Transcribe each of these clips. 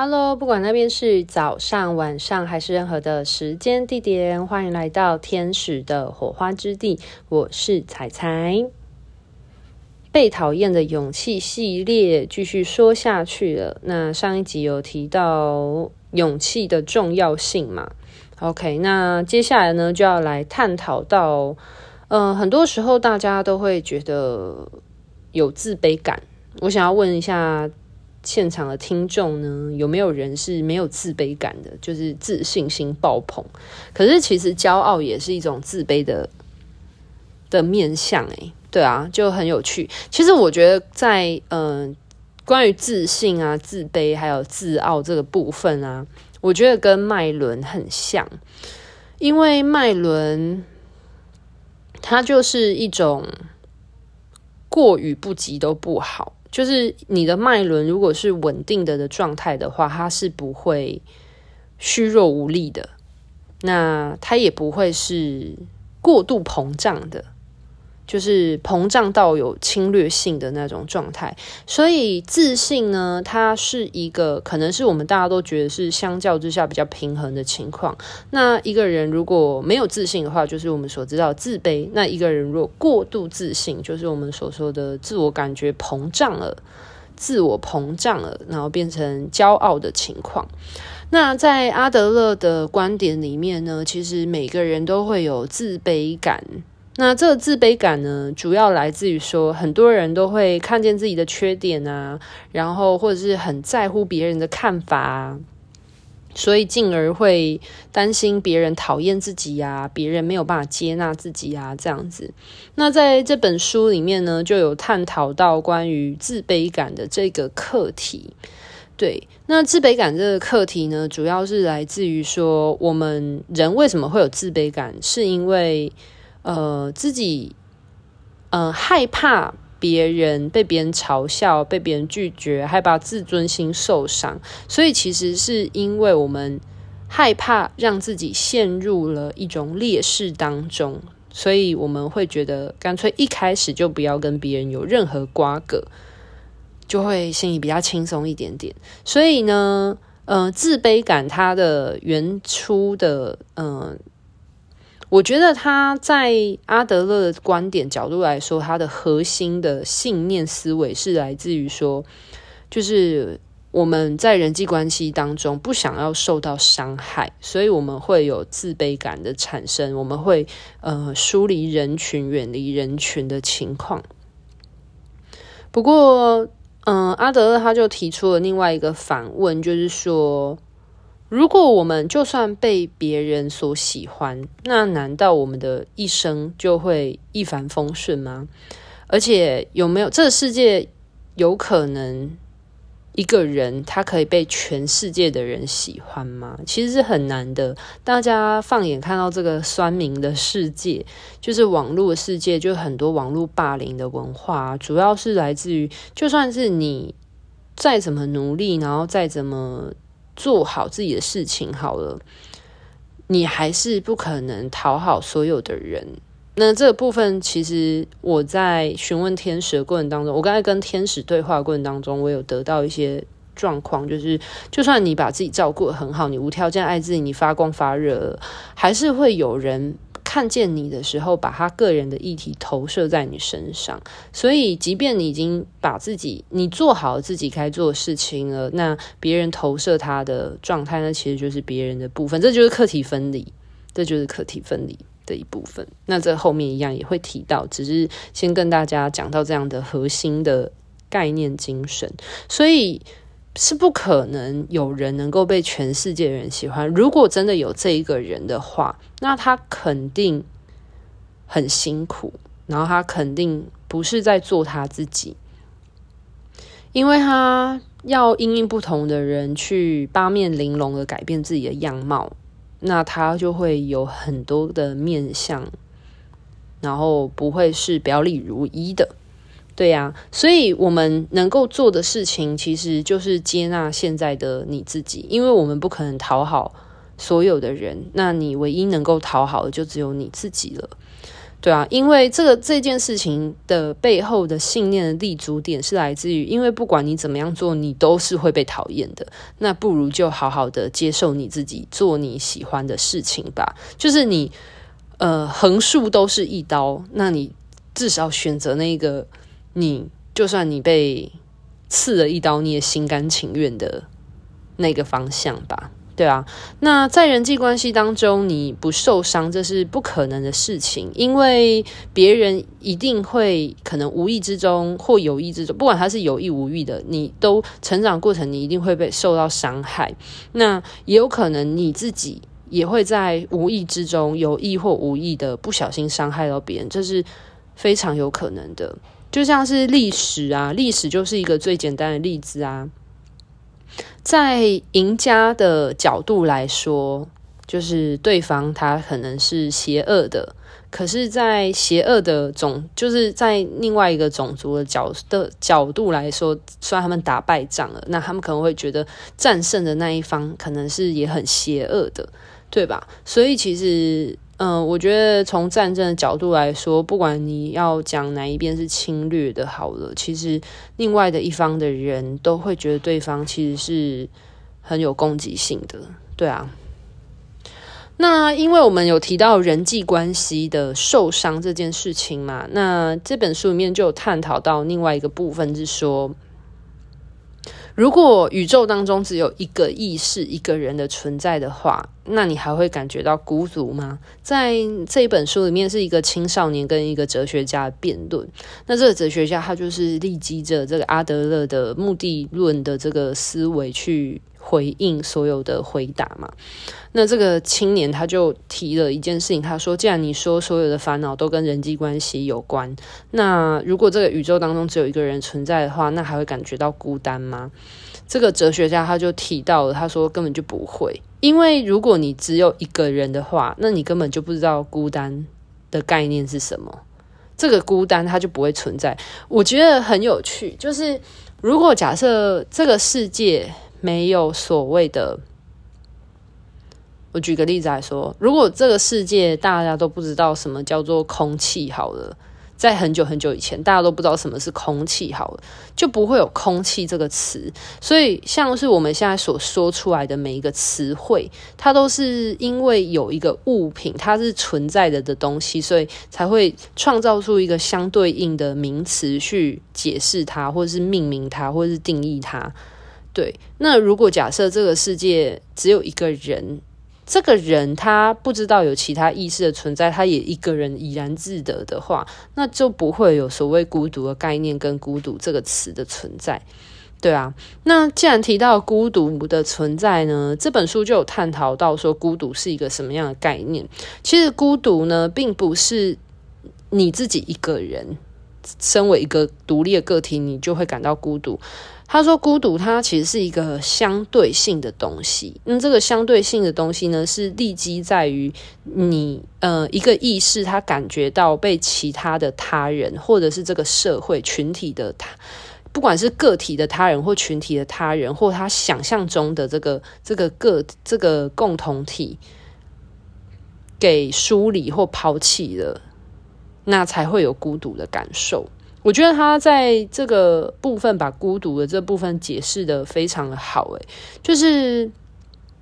Hello，不管那邊是早上、晚上還是任何的時間地點，歡迎來到天使的火花之地。我是采采，被討厭的勇氣系列繼續說下去了。那上一集有提到勇氣的重要性嘛？OK，那接下來呢，就要來探討到，嗯、呃，很多時候大家都會覺得有自卑感。我想要問一下。現場的聽眾呢，有沒有人是沒有自卑感的？就是自信心爆棚。可是其實驕傲也是一種自卑的的面向，誒，對啊，就很有趣。其實我覺得在嗯、呃，關於自信啊、自卑還有自傲這個部分啊，我覺得跟脈輪很像，因為脈輪他就是一種過與不及都不好。就是你的脈輪如果是穩定的的狀態的話，它是不會虛弱無力的，那它也不會是過度膨脹的。就是膨脹到有侵略性的那種狀態，所以自信呢，它是一個可能是我們大家都覺得是相較之下比較平衡的情況。那一個人如果沒有自信的話，就是我們所知道自卑。那一個人如果過度自信，就是我們所說的自我感覺膨脹了，自我膨脹了，然後變成驕傲的情況。那在阿德勒的觀點裡面呢，其實每個人都會有自卑感。那這個自卑感呢，主要來自於說，很多人都會看見自己的缺點啊，然後或者是很在乎別人的看法，所以進而會擔心別人討厭自己呀，別人沒有辦法接納自己啊，這樣子。那在這本書裡面呢，就有探討到關於自卑感的這個課題。對，那自卑感這個課題呢，主要是來自於說，我們人為什麼會有自卑感，是因為。呃，自己，呃，害怕別人被別人嘲笑，被別人拒絕，害怕自尊心受傷，所以其實是因為我們害怕讓自己陷入了一種劣勢當中，所以我們會覺得乾脆一開始就不要跟別人有任何瓜葛，就會心裡比較輕鬆一點點。所以呢，嗯、呃，自卑感它的原初的，嗯、呃。我覺得他在阿德勒的觀點角度來說，他的核心的信念思維是來自於說，就是我們在人際關係當中不想要受到傷害，所以我們會有自卑感的產生，我們會呃疏離人群、遠離人群的情況。不過，嗯、呃，阿德勒他就提出了另外一個反問，就是說，如果我們就算被別人所喜歡，那難道我們的一生就會一帆風順嗎？而且有沒有，這個世界有可能一個人他可以被全世界的人喜歡嗎？其實是很難的。大家放眼看到這個酸民的世界，就是網絡世界，就很多網絡霸凌的文化，主要是來自於，就算是你再怎麼努力，然後再怎麼。做好自己的事情好了，你還是不可能討好所有的人。那這個部分，其實我在詢問天使的過程當中，我剛才跟天使對話過程當中，我有得到一些狀況，就是就算你把自己照顧得很好，你無條件愛自己，你發光發熱，還是會有人。看見你的時候，把他個人的議題投射在你身上，所以即便你已經把自己，你做好自己該做的事情了，那別人投射他的狀態，那其實就是別人的部分，這就是課題分離，這就是課題分離的一部分。那這後面一樣也會提到，只是先跟大家講到這樣的核心的概念精神，所以。是不可能有人能夠被全世界人喜歡。如果真的有這一個人的話，那他肯定很辛苦，然後他肯定不是在做他自己，因為他要因應不同的人去八面玲瓏的改變自己的樣貌，那他就會有很多的面相，然後不會是表裡如一的。對呀、啊，所以我們能夠做的事情其實就是接納現在的你自己，因為我們不可能討好所有的人。那你唯一能夠討好的就只有你自己了，對啊。因為這個這件事情的背後的信念的立足點是來自於，因為不管你怎麼樣做，你都是會被討厭的。那不如就好好的接受你自己，做你喜歡的事情吧。就是你，呃，橫豎都是一刀，那你至少選擇那個。你就算你被刺了一刀，你也心甘情願的那個方向吧，對啊。那在人際關係當中，你不受傷這是不可能的事情，因為別人一定會可能無意之中或有意之中，不管他是有意無意的，你都成長過程你一定會被受到傷害。那也有可能你自己也會在無意之中有意或無意的不小心傷害到別人，這是非常有可能的。就像是歷史啊，歷史就是一個最簡單的例子啊。在贏家的角度來說，就是對方他可能是邪惡的，可是，在邪惡的種，就是在另外一個種族的角的角度來說，雖然他們打敗仗了，那他們可能會覺得戰勝的那一方可能是也很邪惡的，對吧？所以其實。嗯，我覺得從戰爭的角度來說，不管你要講哪一邊是侵略的，好了，其實另外的一方的人都會覺得對方其實是很有攻擊性的，對啊。那因為我們有提到人際關係的受傷這件事情嘛，那這本書裡面就有探討到另外一個部分，是說。如果宇宙當中只有一個意識、一個人的存在的話，那你還會感覺到孤獨嗎？在這本書裡面是一個青少年跟一個哲學家的辯論，那這個哲學家他就是立基著這個阿德勒的目的論的這個思維去。回應所有的回答嘛。那這個青年他就提了一件事情，他說：“既然你說所有的煩惱都跟人際關係有關，那如果這個宇宙當中只有一個人存在的話，那還會感覺到孤單嗎？”這個哲學家他就提到了，他說：“根本就不會，因為如果你只有一個人的話，那你根本就不知道孤單的概念是什麼，這個孤單它就不會存在。”我覺得很有趣，就是如果假設這個世界……沒有所謂的。我舉個例子來說，如果這個世界大家都不知道什麼叫做空氣，好了，在很久很久以前，大家都不知道什麼是空氣，好了，就不會有“空氣”這個詞。所以，像是我們現在所說出來的每一個詞彙，它都是因為有一個物品它是存在著的東西，所以才會創造出一個相對應的名詞去解釋它，或者是命名它，或者是定義它。對，那如果假設這個世界只有一個人，這個人他不知道有其他意識的存在，他也一個人怡然自得的話，那就不會有所謂孤獨的概念跟孤獨這個詞的存在，對啊。那既然提到孤獨的存在呢，這本書就有探討到說孤獨是一個什麼樣的概念。其實孤獨呢，並不是你自己一個人，身為一個獨立的個體，你就會感到孤獨。他說：“孤獨，它其實是一個相對性的東西。那這個相對性的東西呢，是立基在於你呃，一個意識，他感覺到被其他的他人，或者是這個社會群體的他，不管是個體的他人或群體的他人，或他想象中的這個這個個這個共同體，給疏離或拋棄了，那才會有孤獨的感受。”我覺得他在這個部分把孤獨的這部分解釋的非常的好，誒，就是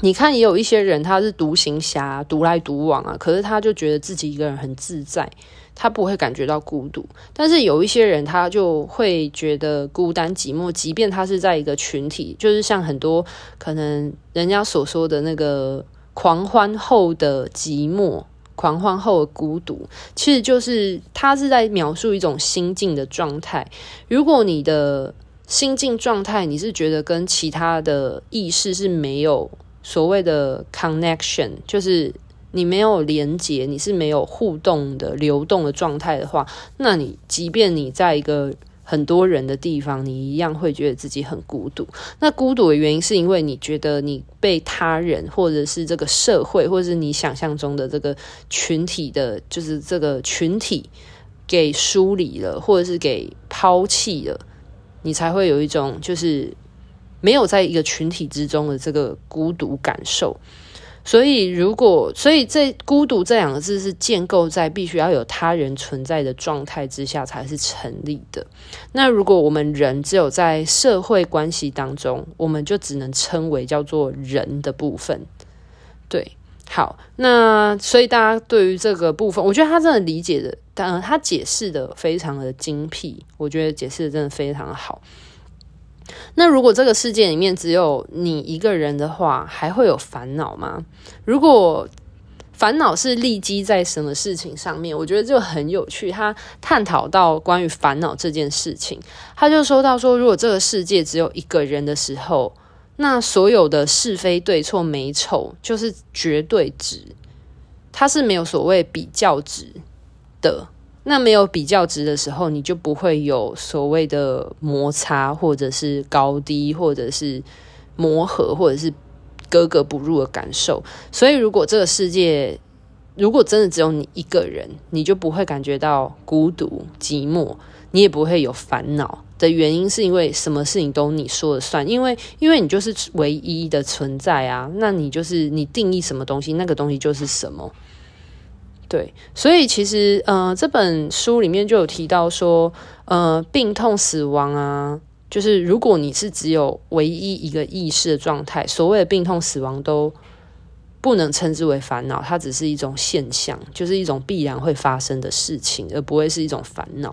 你看也有一些人他是獨行俠、獨來獨往啊，可是他就覺得自己一個人很自在，他不會感覺到孤獨。但是有一些人他就會覺得孤單寂寞，即便他是在一個群體，就是像很多可能人家所說的那個狂歡後的寂寞。狂歡後的孤獨，其實就是它是在描述一種心境的狀態。如果你的心境狀態，你是覺得跟其他的意識是沒有所謂的 connection，就是你沒有連接，你是沒有互動的流動的狀態的話，那你即便你在一個很多人的地方，你一樣會覺得自己很孤獨。那孤獨的原因，是因為你覺得你被他人，或者是這個社會，或者是你想象中的這個群體的，就是這個群體給疏離了，或者是給拋棄了，你才會有一種就是沒有在一個群體之中的這個孤獨感受。所以，如果所以這孤獨這兩個字是建構在必須要有他人存在的狀態之下才是成立的。那如果我們人只有在社會關係當中，我們就只能稱為叫做人的部分。對，好，那所以大家對於這個部分，我覺得他真的理解的，呃，他解釋的非常的精闢，我覺得解釋的真的非常的好。那如果這個世界裡面只有你一個人的話，還會有煩惱嗎？如果煩惱是立基在什麼事情上面，我覺得這個很有趣。他探討到關於煩惱這件事情，他就說到說，如果這個世界只有一個人的時候，那所有的是非對錯、美醜就是絕對值，它是沒有所謂比較值的。那沒有比較值的時候，你就不會有所謂的摩擦，或者是高低，或者是磨合，或者是格格不入的感受。所以，如果這個世界如果真的只有你一個人，你就不會感覺到孤獨、寂寞，你也不會有煩惱。的原因是因為什麼事情都你說了算，因為因為你就是唯一的存在啊。那你就是你定義什麼東西，那個東西就是什麼。對，所以其實，呃，這本書裡面就有提到說，呃，病痛、死亡啊，就是如果你是只有唯一一個意識的狀態，所謂的病痛、死亡都不能稱之為煩惱，它只是一種現象，就是一種必然會發生的事情，而不會是一種煩惱。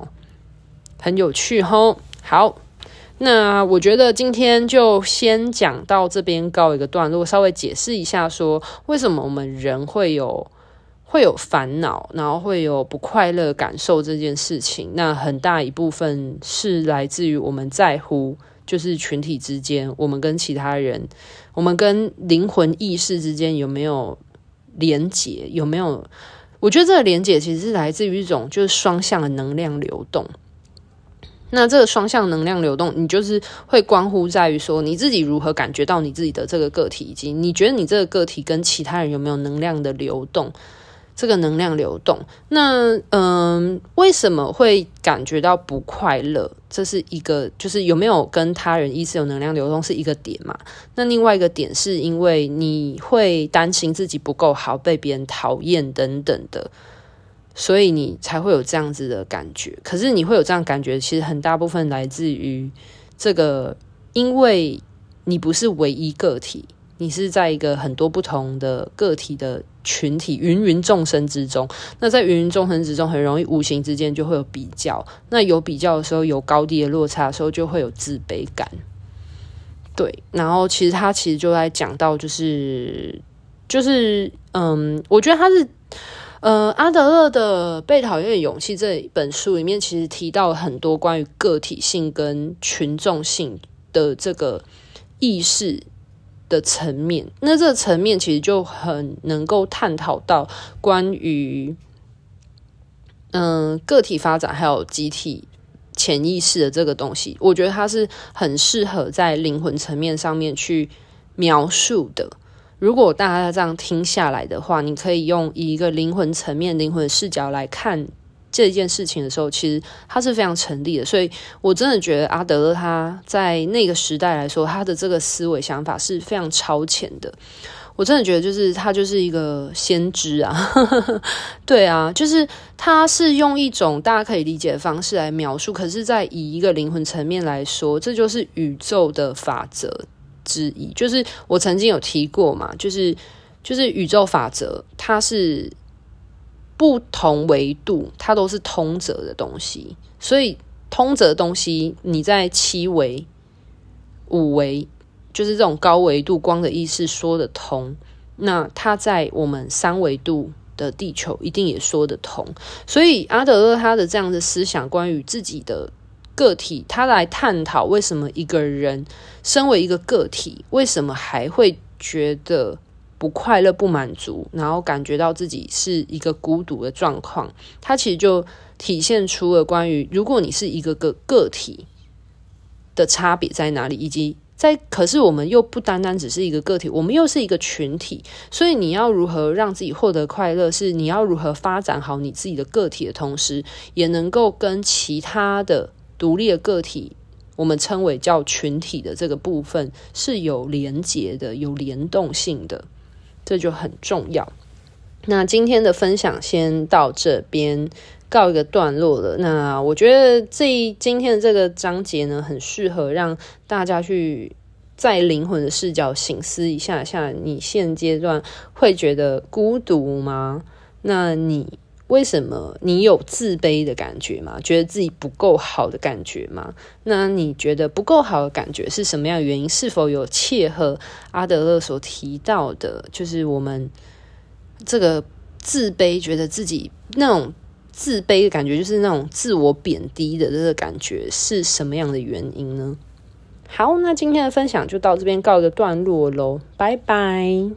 很有趣吼。好，那我覺得今天就先講到這邊告一個段落，稍微解釋一下說，為什麼我們人會有。會有煩惱，然後會有不快樂感受這件事情。那很大一部分是來自於我們在乎，就是群體之間，我們跟其他人，我們跟靈魂意識之間有沒有連結？有沒有？我覺得這個連結其實是來自於一種就是雙向的能量流動。那這個雙向能量流動，你就是會關乎在於說你自己如何感覺到你自己的這個個體已經，以及你覺得你這個個體跟其他人有沒有能量的流動。這個能量流動，那嗯、呃，為什麼會感覺到不快樂？這是一個，就是有沒有跟他人意識有能量流動是一個點嘛？那另外一個點是因為你會擔心自己不夠好，被別人討厭等等的，所以你才會有這樣子的感覺。可是你會有這樣的感覺，其實很大部分來自於這個，因為你不是唯一個體。你是在一個很多不同的個體的群體芸芸眾生之中，那在芸芸眾生之中，很容易無形之間就會有比較。那有比較的時候，有高低的落差的時候，就會有自卑感。對，然後其實他其實就在講到、就是，就是就是嗯，我覺得他是呃、嗯、阿德勒的《被討厭的勇氣》這本書裡面，其實提到很多關於個體性跟群眾性的這個意識的層面，那這個層面其實就很能夠探討到關於，嗯、呃，個體發展還有集體潛意識的這個東西，我覺得它是很適合在靈魂層面上面去描述的。如果大家這樣聽下來的話，你可以用以一個靈魂層面、靈魂視角來看。這件事情的時候，其實他是非常成立的，所以我真的覺得阿德勒他在那個時代來說，他的這個思維想法是非常超前的。我真的覺得，就是他就是一個先知啊， 對啊，就是他是用一種大家可以理解的方式來描述，可是，在以一個靈魂層面來說，這就是宇宙的法則之一。就是我曾經有提過嘛，就是就是宇宙法則，它是。不同維度，它都是通則的東西。所以，通則的東西，你在七維、五維，就是這種高維度光的意識說得通，那它在我們三維度的地球一定也說得通。所以，阿德勒他的這樣的思想，關於自己的個體，他來探討為什麼一個人身為一個個體，為什麼還會覺得不快樂、不滿足，然後感覺到自己是一個孤獨的狀況，它其實就體現出了關於如果你是一個個個體的差別在哪裡，以及在可是我們又不單單只是一個個體，我們又是一個群體，所以你要如何讓自己獲得快樂？是你要如何發展好你自己的個體的同時，也能夠跟其他的獨立的個體，我們稱為叫群體的這個部分是有連接的、有聯動性的。這就很重要。那今天的分享先到這邊告一個段落了。那我覺得這一今天的這個章節呢，很適合讓大家去在靈魂的視角省思一下一下，像你現階段會覺得孤獨嗎？那你？為什麼你有自卑的感覺嗎？覺得自己不夠好的感覺嗎？那你覺得不夠好的感覺是什麼樣的原因？是否有契合阿德勒所提到的，就是我們這個自卑，覺得自己那種自卑的感覺，就是那種自我貶低的這個感覺，是什麼樣的原因呢？好，那今天的分享就到這邊告一個段落嘍，拜拜。